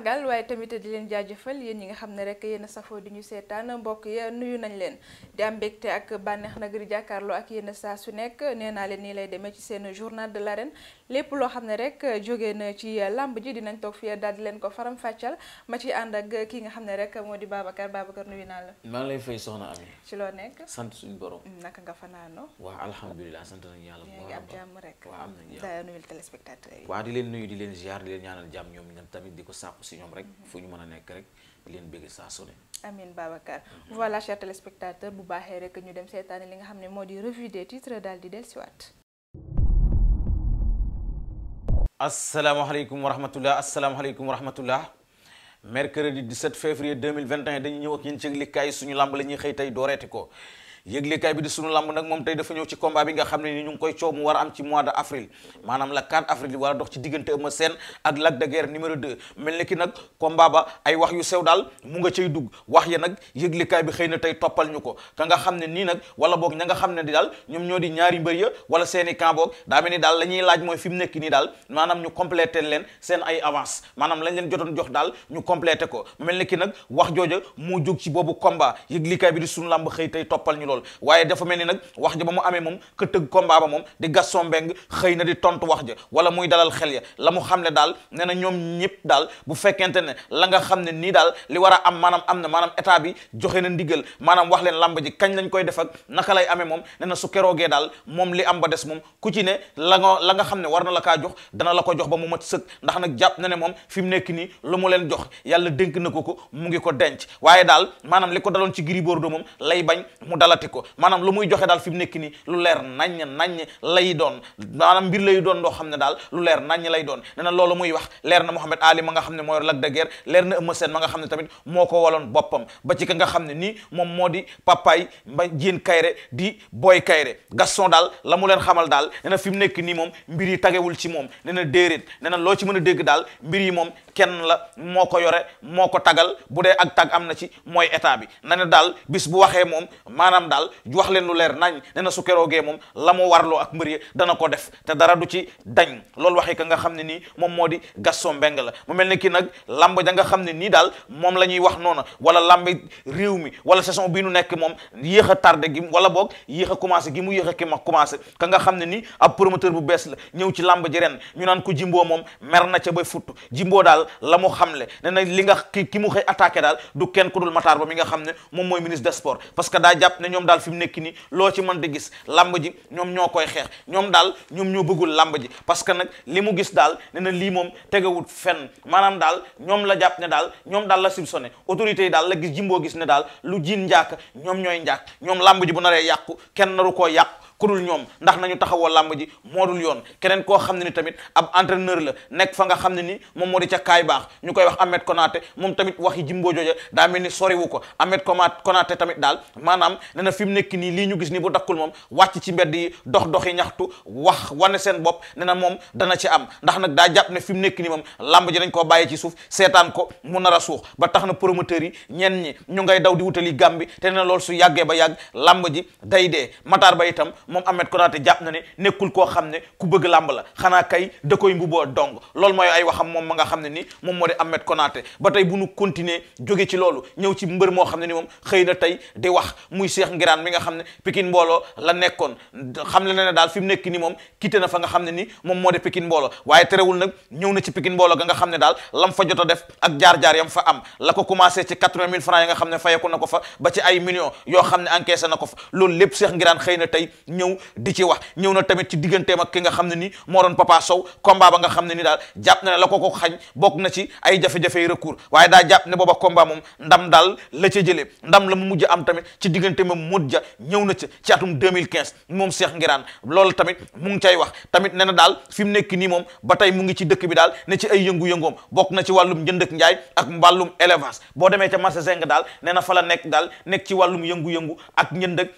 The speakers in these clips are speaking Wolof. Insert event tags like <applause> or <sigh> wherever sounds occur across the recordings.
sargal waaye tamit di leen jaajëfal yéen ñi nga xam ne ya nuyu su nekk nee naa leen nii lay demee ci seen journal de l'arène lépp loo xam ne rek jóge na ci làmb ji dinañ toog fii daal di leen ko faram fàccal ma ci ànd ak ki nga xam ne rek moo di Babacar Babacar nuyu naa la. maa ngi lay fay soxna Ami. ci loo nekk sant suñu borom. Mm, naka nga fanaanoo. waaw alhamdulilah sant nañu yàlla bu baax a baax yaa ngi am jàmm rek. waaw am nañu di leen nuyu di leen ziar di leen ñaanal jàmm ñoom ñoom tamit di ko sàkku si ñoom rek fu ñu mën a nekk rek leen bëgg saa su ne amin Babacar bu baaxee rek ñu dem seetaani li nga xam ne moo di revue des titres daal di dellusiwaat asalaamaaleykum wa rahmatullah asalaamaaleykum wa rahmatullah mercredi 17 février 2021 dañu ñëw ak yéen ci yëglikaay suñu làmb la ñuy xëy tey dooreeti ko yëglekaay bi di sunu lamb nag moom tey dafa ñëw ci combat bi nga xam ne ni ñu ngi koy coow a am ci mois de avril maanaam la 4 avril war a dox ci diggante Eumeu mel ni ki nag combat ba ay wax yu sew daal mu nga cay dugg wax ya nag yëglekaay bi xëy na tey toppal ñu ko ka nga xam ne nii nag wala boog ña nga xam ne di daal ñoom ñoo di ñaari mbër ya wala seeni camp boog daa mel ni daal lañuy laaj mooy fi mu nekk nii daal maanaam ñu complété leen seen ay avance maanaam lañ leen jotoon jox daal ñu complété ko mel ni ki nag wax jooja moo jóg ci boobu combat yëglekaay bi di sunu lamb xëy tey toppal ñu loolu waaye dafa mel ni nag wax ja ba mu amee moom ka tëgg combat ba moom di Gaston Mbengue xëy na di tontu wax ja wala muy dalal xel ya la mu xam ne daal nee na ñoom ñëpp daal bu fekkente ne la nga xam ne nii daal li war am maanaam am na maanaam état bi joxe na ndigal maanaam wax leen lamb ji kañ lañ koy def ak naka lay moom nee na su keroogee daal moom li am ba des moom ku ci ne la la nga xam ne war na la kaa jox dana la ko jox ba mu mat sëkk ndax nag jàpp na ne moom fi mu nekk nii lu mu leen jox yàlla dénk na ko ko mu ngi ko denc waaye daal maanaam li ko daloon ci Gris Bordeaux moom lay bañ mu dala lati ko maanaam lu muy joxe daal fi mu nekk nii lu leer nañ naññ lay doon maanaam mbir lay doon doo xam ne daal lu leer naññ lay doon nee na loolu muy wax leer na Mouhamed Ali ma nga xam ne moo yor Lac de Guiers leer na Eumeu Sène nga xam ne tamit moo ko waloon boppam ba ci ka nga xam ne nii moom moo di papaay ba jéen kayre di booy kayre Gaston daal la mu leen xamal daal nee na fi mu nekk nii moom mbir yi tagewul ci moom nee na déeréet nee na loo ci mën a dégg daal mbir yi moom kenn la moo ko yore moo ko tagal bu dee ak tag am na ci mooy état bi na ne daal bis bu waxee moom maanaam daal wax leen lu leer nañ ne na su keroogee moom la mu warloo ak mbër ya dana ko def te dara du ci dañ loolu waxee ka nga xam ne nii moom moo di Gaston Mbengue la mu mel ne kii nag lamb ja nga xam ne nii daal moom la ñuy wax noona wala lambi réew mi wala saison bi nu nekk moom yéex a tardé gi wala boog yéex a commencé gi mu yéex a ki ma commencé ka nga xam ne nii ab promoteur bu bees la ñëw ci lamb ji ren ñu naan ko jimboo moom mer na ca bay futt jimboo daal la mu xamle ne na li nga ki ki mu xëy attaqué daal du kenn ku dul Matar Ba mi nga xam ne moom mooy ministre des sports parce que daa jàpp ne ñoom daal fi mu nekk nii loo ci mën di gis làmb ji ñoom ñoo koy xeex ñoom daal ñoom ñoo bëggul làmb ji parce que nag li mu gis daal ne na lii moom tegewut fenn maanaam daal ñoom la jàpp ne daal ñoom daal la soupçonné autorité yi daal la gis jimboo gis ne daal lu jiin njaak ñoom ñooy njaak ñoom làmb ji bu naree yàqu kenn naru koo yàqu ku dul ñoom ndax nañu taxawoo làmb ji moo dul yoon keneen koo xam ne ni tamit ab entraîneur la nekk fa nga xam ne ni moom moo di ca kaay baax ñu koy wax Ahmed Konaté moom tamit yi Jimbo jooja daa mel ni soriwu ko Ahmed Konaté tamit daal maanaam ne na fi mu nekk nii lii ñu gis nii bu dakkul moom wàcc ci mbedd yi dox dox yi ñaxtu wax wane seen bopp ne na moom dana ci am ndax nag daa jàpp ne fi mu nekk nii moom làmb ji dañ koo bàyyi ci suuf seetaan ko mu nar a suux ba tax na promoteurs yi ñenn ñi ñu ngay daw di wutali Gàmbi te na loolu su yàggee ba yàgg làmb ji day dee Matar ba moom Ahmed Konaté jàpp na ne nekkul koo xam ne ku bëgg làmb la xanaa kay da koy mbuboo dong lool mooy ay waxam moom ma nga xam ne ni moom moo di Ahmed Konaté ba tey bu nu continuer jóge ci loolu ñëw ci mbër moo xam ne ni moom xëy na tey di wax muy Cheikh Ngiraan mi nga xam ne mbooloo la nekkoon xam le na ne daal fi mu nekk ni moom quitté na fa nga xam ne ni moom moo di Pikine mbooloo waaye terewul nag ñëw na ci Pikine mbooloo ga nga xam ne daal lam fa jot def ak jaar-jaar yam fa am la ko commencé ci quatre-vingt mille francs yi nga xam ne fayeku na ko fa ba ci ay millions yoo xam ne encaissé na ko fa loolu lépp Cheikh Ngiraan xëy na tey ñëw di ci wax ñëw na tamit ci digganteem ak ki nga xam ne ni moo doon Papa Sow combat ba nga xam ne ni daal jàpp na la ko ko xañ bokk na ci ay jafe-jafey recours waaye daa jàpp ne booba combat moom ndam daal la ca jëlee ndam la mu mujj am tamit ci diggante ma mut ja ñëw na ca ci atum 2015 moom Cheikh Ngiraan loolu tamit mu ngi cay wax tamit na daal fi mu nekk nii moom ba tey mu ngi ci dëkk bi daal ne ci ay yëngu bokk na ci wàllum njënd ak njaay ak wàllum élevage boo demee ca marché Zeng daal ne na fa la nekk daal nekk ci wàllum yëngu-yëngu ak njënd ak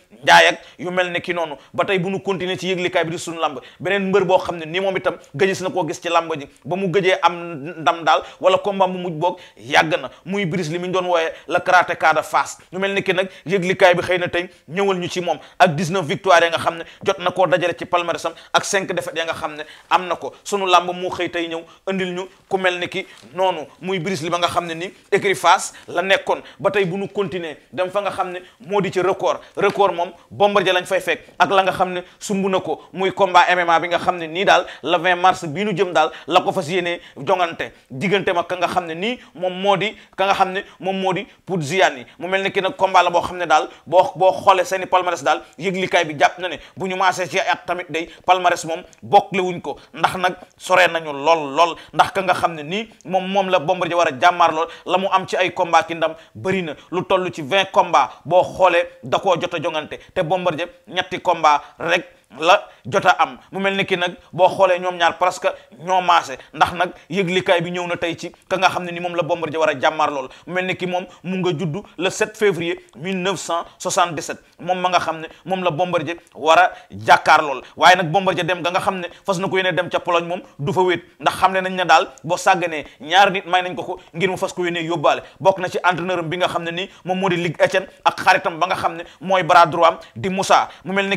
yu mel ne ki noonu ba tey bu nu continuer ci yëglikaay bi di sunu làmb beneen mbër boo xam ne ni moom itam gëjës na koo gis ci làmb ji ba mu gëjee am ndam daal wala combat mu mujj boog yàgg na muy bris li mi ñu doon wooyee la karatéka de fas ñu mel ni ki nag yëglikaay bi xëy na tey ñëwal ñu ci moom ak 19 victoire ya nga xam ne jot na koo dajale ci palmarèsam ak 5 défaites ya nga xam ne am na ko sunu làmb moo xëy tey ñëw andil ñu ku mel ni ki noonu muy bris ba nga xam ne ni écrit Fass la nekkoon ba tey bu nu continuer dem fa nga xam ne moo di ci record record moom bombardier lañ fay fekk la nga xam ne sumb na ko muy combat MMA bi nga xam ne nii daal le 20 mars bii nu jëm daal la ko fas yéenee jongante diggante ma ka nga xam ne nii moom moo di ka nga xam ne moom moo di Poudziane mu mel ne ki nag combat la boo xam ne daal boo boo xoolee seeni palmarès daal yëglikaay bi jàpp na ne bu ñu maasee ci at tamit day palmarès moom bokkle wuñ ko ndax nag soree nañu lool lool ndax ka nga xam ne nii moom moom la Bombardier war a jàmmaar lool la mu am ci ay combat ki ndam na lu toll ci 20 komba boo xoolee da koo jot jongante te Bombardier ñetti combat rek la jot a am mu mel ni ki nag boo xoolee ñoom ñaar presque ñoo maase ndax nag yëglikaay bi ñëw na tey ci ka nga xam ne ni moom la bombar war a jàmmaar lool mu mel ni ki moom mu nga juddu le 7 février 1977 moom ma nga ne moom la Bombardier war a jàkkaar lool waaye nag Bombardier dem ga nga xam ne fas na ko yéene dem ca Pologne moom du fa wéet ndax xam ne nañ na daal boo sàgganee ñaar nit may nañ ko ko ngir mu fas ko yéene yóbbaale bokk na ci entraîneur bi nga xam ne nii moom moo di Ligue Etienne ak xaritam ba nga xam ne mooy bras droit am di Moussa mu mel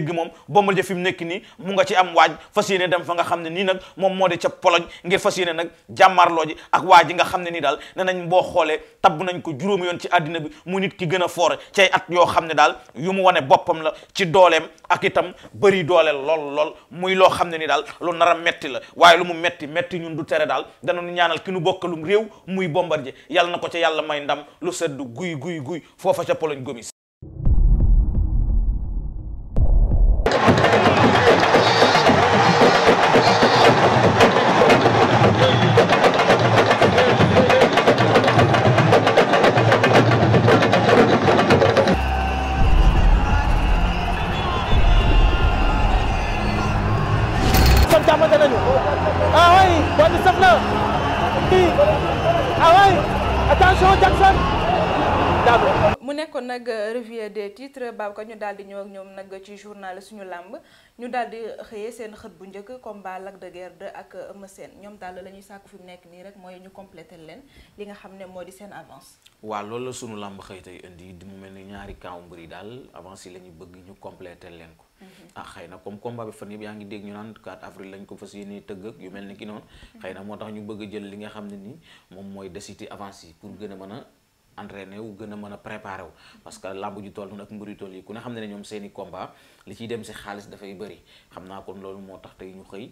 dégg moom Bombardier fi mu nekk nii mu nga ci am waaj fas yéene dem fa nga xam ne nii nag moom moo di ca Pologne ngir fas yéene nag jàmmarloo ji ak waaj yi nga xam ne nii daal ne nañ boo xoolee tabb nañ ko juróomi yoon ci àddina bi mu nit ki gën a foore cay at yoo xam ne daal yu mu wane boppam la ci dooleem ak itam bëri doole lool lool muy loo xam ne ni daal lu nara a metti la waaye lu mu metti metti ñun du tere daal danañu ñaanal ki nu bokkalum réew muy Bombardier yàlla na ko ca yàlla may ndam lu sedd guy guy guy foofa ca Pologne gomis kii ah attention Jackson mu nekkoon nag revue des titres Babacar ñu daal di ñëw ak ñoom nag ci journal suñu làmb ñu daal di xëyee seen xët bu njëkk combat Lac de Guiers 2 ak Eumeu seen ñoom daal la ñuy sàkku fi mu nekk nii rek mooy ñu complété leen li nga xam ne moo di seen avance. waaw loolu suñu làmb xëy tey indi di mu mel ni ñaari camp mbir yi daal avance yi la ñu bëgg ñu complété leen ko. Mm-hmm. ah xëy na comme combat bi fan yëpp yaa ngi dégg ñu naan 4 avril lañ ko fas yéene tëgg yu mel ni ki noonu mm-hmm. xëy na moo tax ñu bëgg jël li nga xam ne nii moom mooy desiti avance yi pour gën a mën a entraîné wu gën a mën a préparé wu mm-hmm. parce que làmb ju toll noonu ak mbëri toll yi ku ne xam ne ne ñoom seeni combat li ciy dem si xaalis dafay bëri xam naa kon loolu moo tax tey ñu xëy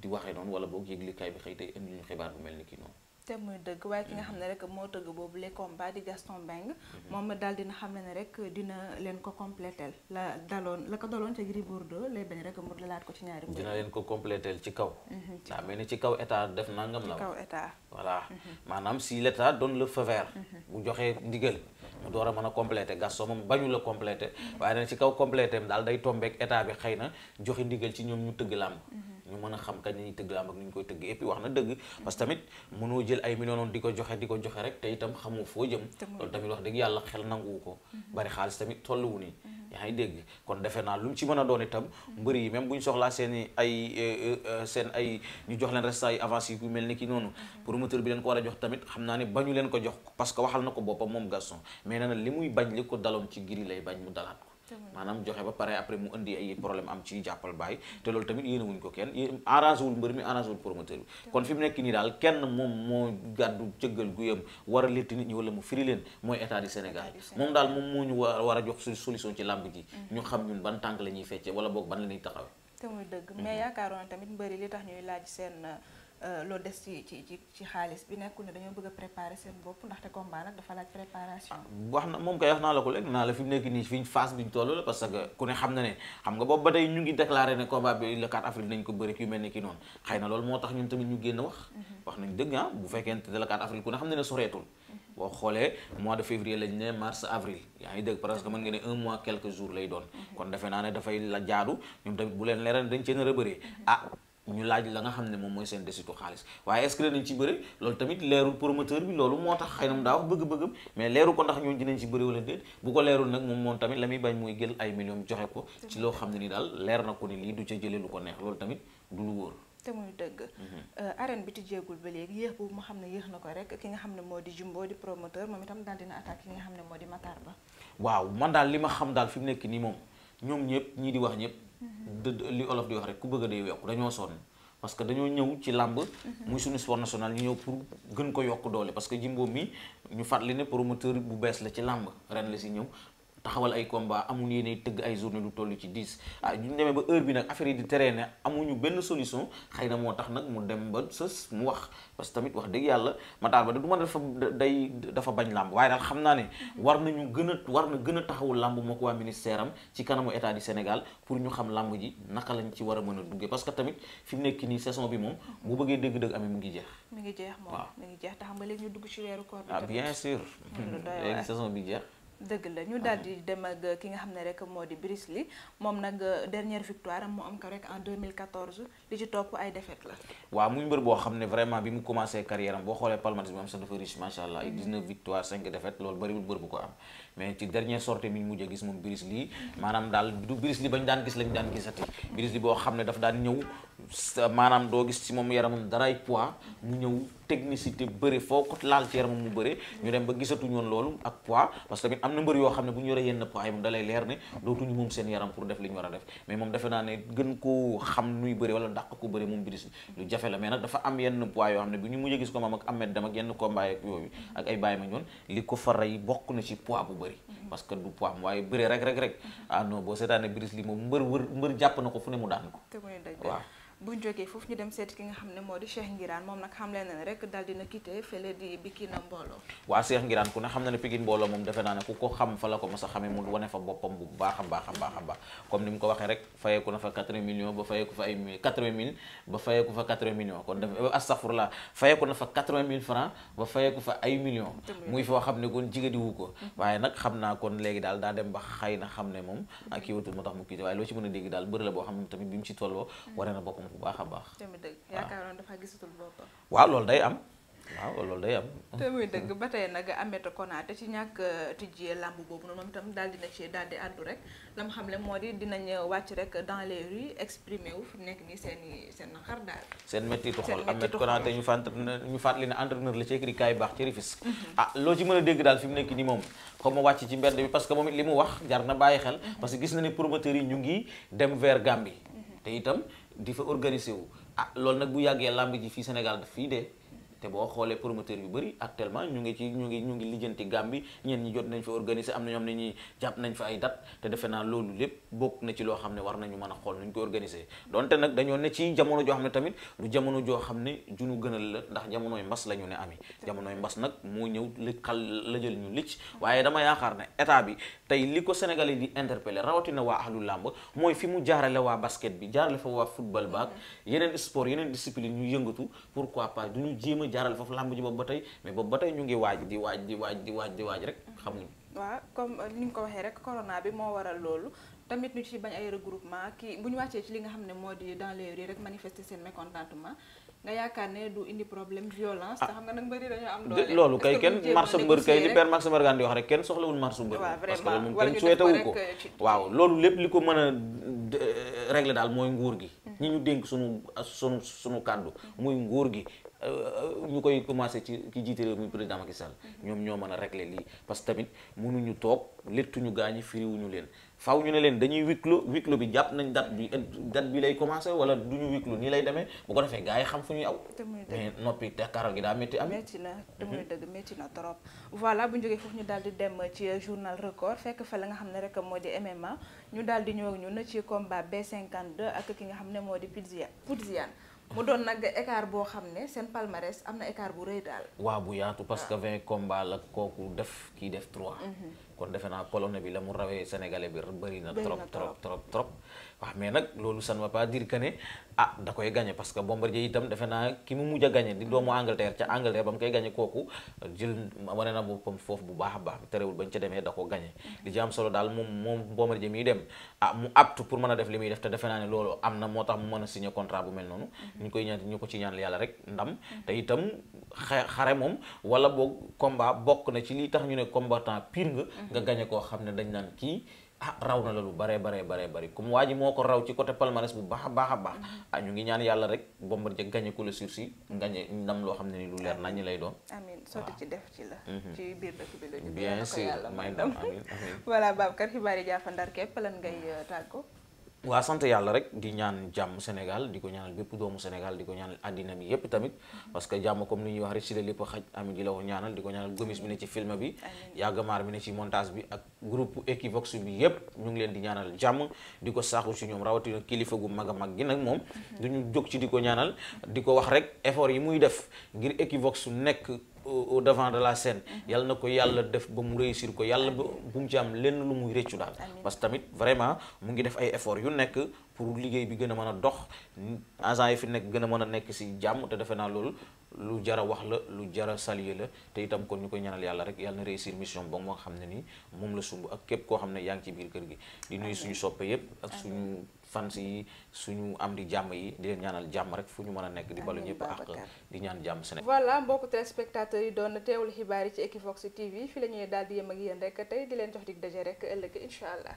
di waxee noonu wala boog yëglikaay bi xëy tey indi ñu xibaar bu mel ni ki noonu te muy dëgg waaye ki nga mm. xam ne rek moo tëgg boobu les combats di Gaston Mbengue mm-hmm. moom daal dina xam ne rek dina leen ko complétel la daloon la ko daloon ca Gris Bordeaux lay bañ rek mu dalaat ko ci ñaari mbir dina mm-hmm, def nangam la ci kaw état voilà mm-hmm. maanaam si l' état donne le feu vert bu joxee ndigal mu door a mën a complété Gaston moom bañu la complété waaye nag ci kaw complété daal day tombeek état bi xëy na joxe ndigal ci ñoom ñu tëgg làmb ñu mën a xam kañ lañuy tëgg làmb ak ni ñu koy tëgg et wax na dëgg parce que tamit mënoo jël ay millions di ko joxe di ko joxe rek te itam xamoo foo jëm loolu tamit wax dëgg yàlla xel nanguwu ko mhm. bari xaalis tamit tolluwu ni mhm. yaa ngi dégg kon defe naa lu ci mën a doon itam mhm. mbër yi même bu ñu soxlaa seen ay euh, euh, euh, seen ay ñu jox leen resta ay avance yu mel ni ki noonu promoteur bi leen ko war a jox tamit xam naa ne bañu leen ko jox parce que waxal na ko boppam moom Gaston mais nee na li muy bañ li ko daloon ci giri lay bañ mu dalaat ko maanaam joxe ba pare après mu indi ay problème am ci jàppal bàyyi te loolu tamit yéene wuñ ko kenn yéen arrangé wul mbër mi arrangé wul promoteur bi kon fi nekk nii daal kenn moom moo gàddu jëggal guyam war a létt nit ñi wala mu firi leen mooy état du Sénégal moom daal moom moo ñu war a jox solution ci làmb ji mm-hmm. ñu xam ñun ban tànk la ñuy boog ban la taxawee mm-hmm. mais yaakaaroon tamit mbëri li tax ñuy laaj seen Euh, loo des ci ci xaalis bi nekkul ne dañoo bëgg a préparer seen bopp ndaxte combat nag na fi mu nekk nii fi phase bi ñu toll la parce que ku ne xam na ne xam nga tamit ñu génn wax. Mhm. wax nañ ah, mhm. xoolee mois de février lañ ne mars avril yaa ngi dégg presque mën nga ne un mois quelques mhm. naa ne dafay la jaadu ñoom tamit bu leen leeral dañ cee nar bëree ah, ñu laaj la nga xam ne moom mooy seen desitu xaalis waaye est-ce que danañ ci bëri loolu tamit leerul promoteur bi loolu moo tax xay na mu daa wax mais leeru ko ndax ñooñu dinañ ci bëri wala déet ko leerul nag moom moom tamit la muy bañ mooy jël ay millions joxe ko ci loo ne ni daal leer na ko ni lii du ca ko neex loolu tamit du lu wóor te muy dëgg mm-hmm. arène bi tijjeegul ba léegi yéex xam ne na ko rek ki nga xam ne moo di jumbo di promoteur moom itam daal dina attaque ki nga xam ne moo di Matar Ba waaw man daal li ma xam daal fi mu nekk nii moom ñoom ñëpp ñii di wax ñëpp li olof di wax rek ku bëgg a day yokk dañoo sonn parce que dañoo ñëw ci làmb mhm. muy suñu sport national ñu ñëw pour gën ko yokk doole parce que Jimbo mi ñu li ne promoteur bu bees la ci làmb ren la si ñëw taxawal ay combat amul yéene tëgg ay journée lu toll ci dix ah ñu demee ba heure bi nag affaire yi di traîner amuñu benn solution xëy na moo tax nag mu dem ba sës mu wax parce que tamit wax dëgg yàlla Matar Ba de du ma day dafa bañ làmb waaye daal xam naa ne war nañu gën a war na gën a taxawul làmb moo ko waa ministère ci kanamu état du Sénégal pour ñu xam làmb ji naka lañ ci war a mën a duggee parce que tamit fi mu nekk nii saison bi moom bu bëggee dëgg-dëgg amee mu ngi jeex. mi ngi jeex moom mi ngi jeex taxam xam leen ñu dugg ci weeru koor bi. ah bien sûr léegi saison bi jeex. dëgg la ñu daal di dem ak ki nga xam ne rek moo di Bruce Lee moom nag euh, dernière victoire am mu am ko rek en 2014 li ci topp ay défaite la. waaw muy mbër boo xam ne vraiment bi mu commencé carrière am boo xoolee palmarès bi am sax dafa riche macha allah 19 mm-hmm. victoire 5 défaite loolu bëriwul mbër bu ko am mais ci dernière sortie bi ñu mujjee gis moom Bruce Lee maanaam daal du Bruce Lee bañ daan gis lañ daan gisati Bruce Lee boo xam ne daan ñëw. maanaam doo gis ci moom yaramam daray poids mu ñëw technicité bëri foo ko laal ci yaramam mu bëri ñu dem ba gisatuñu woon loolu ak poids parce que tamit am na mbër yoo xam ne bu ñu yoree yenn poids yi leer ne dootuñu moom seen pour def li ñu war a def mais moom defe naa ne gën koo xam nuy bëri wala dàq ko bëri moom biris lu jafe la mais nag dafa am yenn poids yoo xam ne bu ñu ko moom ak Ahmed Deme ak yenn combat ak yooyu ak ko fa rey na ci poids bu bëri parce que du poids waaye bëri rek rek rek ah non boo seetaanee biris li moom mbër wër mbër jàpp na ko fu ne mu daan ko waaw buñ jógee foofu ñu dem seeti ki nga xam ne moo di Cheikh Ngiraan moom nag xam ne na ne bu baax a baax a baax a baax comme ni mu ko waxee rek fayeeku na fa 80 millions ba fayeeku fa ay daal daa dem ba xëy na xam ne moom ak kii watul moo tax mu quitté waaye loo ci mën a dégg daal bëri la boo xam ne tamit bi mu ci tolloo waree na boppam na bu baax a baax. te muy dëgg yaakaaroon dafa gisatul boppam. waaw loolu day am waaw loolu day am. te muy dëgg ba tey nag Ameth Konaté ci ñàkk tijjee làmb boobu noonu itam daal dina ci daal àddu rek lam xam le moo di dinañ i ñu fàttali ne entraîneur la ci écrit kaay baax ci Rufisque. Mhm. ah loo ci mën a dégg daal fi mu nekk nii moom. xaw wàcc ci mbedd bi parce que moom it li mu wax jar na bàyyi xel. Mhm. parce que gis na ne promoteurs yi ñu ngi dem vers Gambie. Mhm. te itam di fa organiser wu ah loolu nag bu yàggee làmb ji fii Sénégal fii dee te boo xoolee promoteur yu bëri actuellement ñu ngi ci ñu ngi ñu ngi lijjanti Gàmbi ñenn ñi jot nañ fa organiser am na ñoom ne ñuy jàpp nañ fa ay date te defe naa loolu lépp bokk na ci loo xam ne war nañu man a xool nuñ ko organiser donte nag dañoo ne ci jamono joo xam ne tamit lu jamono joo xam ne junu gënal la ndax jamonoy mbas la ñu ne ami jamonoy mbas nag moo ñëw li xal la jël ñu licc waaye dama yaakaar ne état bi tey li ko Sénégalais di interpeller rawatina waa ahlu làmb mooy fi mu jaarale waa basket bi jaarale fa waa football baak mm-hmm. yeneen sport yeneen discipline ñu yëngatu pourquoi pas duñu jéem a jaarale foofu làmb ji boobu ba tey mais boobu ba tey ñu ngi waaj di waaj di waaj di waaj di waaj rek mm-hmm. xamuñu waaw comme euh, ni nga ko waxee rek corona bi moo waral loolu tamit ñu ci bañ ay regroupement kii bu ñu wàccee ci li nga xam ne moo di dans les rues rek manifester seen mécontentement nga yaakaar ne du indi problème violence. Ah. te xam nga nag bëri dañoo am doole loolu kay kenn lépp li ko mën a euh, régler daal mooy nguur gi. Mm-hmm. ñi ñu dénk sunu sunu sunu kàddu. Mm-hmm. muy nguur gi Euh, ñu koy commencé ci ki jiite réew mi président Macky Sall ñoom ñoo mën a regle lii parce que tamit mënuñu toog léttuñu gaañi firiwuñu leen faw ñu ne leen dañuy wiklo wiklo bi jàpp nañ date bi date lay commencé wala du ñu wiklo nii lay demee bu ko defee gars yi xam fu ñuy aw mais noppi te karal gi daa métti amee métti na te muy mhm. dëgg métti na trop voilà bu ñu jógee foofu ñu daal di dem ci journal record fekk fa la nga xam ne rek moo di MMA ñu daal di ñëw ñun ci combat B52 ak ki nga xam ne moo di Poudziane Poudziane mu doon nag écart boo xam ne seen palmarès am na écart bu rëy daal. waaw bu yaatu parce que ah. vingt combats la kooku def kiy def trois. Mhm. kon defe naa polonais bi la mu rawee sénégalais bi bëri na trop trop trop trop mais nag loolu ça ne va pas ne ah da koy gagné parce que Bombardier itam defe naa a gagné di doomu Angleterre ca Angleterre ba foofu bu baax a baax terewul bañ ca demee da ko gagné mhm. li ci am solo daal moom moom Bombardier miy dem ah mu apte pour mën a def li muy def te defe naa ne loolu am na moo tax mu mën a signé contrat bu mel noonu mhm. ñu koy ñaan ñu ko ci ñaanal yàlla rek ndam mhm. te itam xare moom wala boog combat bokk na ci li tax ñu ne combattant pire nga nga gañe koo xam ne dañ naan kii ah raw na la lu bare bare bare bari comme waa ji moo ko raw ci côté palmarès bu baax a baax a baax mm-hmm. ah ñu ngi ñaan yàlla rek Bombardier gañe ko la sursis gañe ndam loo xam ne ni lu leer nañ lay doon amin sotti ci def ci la mm-hmm. ci biir dëkk bi la ñu bien sûr may ndam amin amin <laughs> voilà Babacar xibaar yi jaafa ndar képp lan ngay euh, tàggoo waa sant yàlla rek di ñaan jàmm Sénégal di ko ñaanal bépp doomu Sénégal di ko ñaanal àddina bi yépp tamit parce que jàmm comme ni ñuy wax rek si la lépp xaj ami di la ko ñaanal di ko ñaanal gomis bi ne ci film bi yàggamaar bi ne ci montage bi ak groupe Equivox bi yépp ñu ngi leen di ñaanal jàmm di ko saaxu si ñoom rawatina kilifa gu mag mag gi nag moom mm-hmm. ñu jóg ci di ko ñaanal di ko wax rek effort yi muy def ngir Equivox nekk au devant de la scène yàlla na ko yàlla def ba mu réussir ko yàlla bu mu ci am lenn lu muy rëccu daal parce tamit vraiment mu ngi def ay effort yu nekk pour liggéey bi gën a mën a dox agent yi fi nekk gën a mën a nekk si jàmm te defe naa loolu lu jara wax la lu jara saluer la te itam kon ñu koy ñaanal yàlla rek yàlla na réussir mission ba nga xam ne nii moom la sumb ak képp koo xam ne yaa ngi ci biir kër gi di nuyu suñu soppe yëpp ak suñu fans yi suñu am di jàmm yi di leen ñaanal jàmm rek fu ñu mën a nekk di balu ñëpp ak di ñaan jàmm Sénégal voilà mbokku téléspectateurs yi doon teewlu xibaar yi ci Equivox TV fi la ñuy daal di yem ak yéen rek tey di leen jox dig daje rek ëllëg incha allah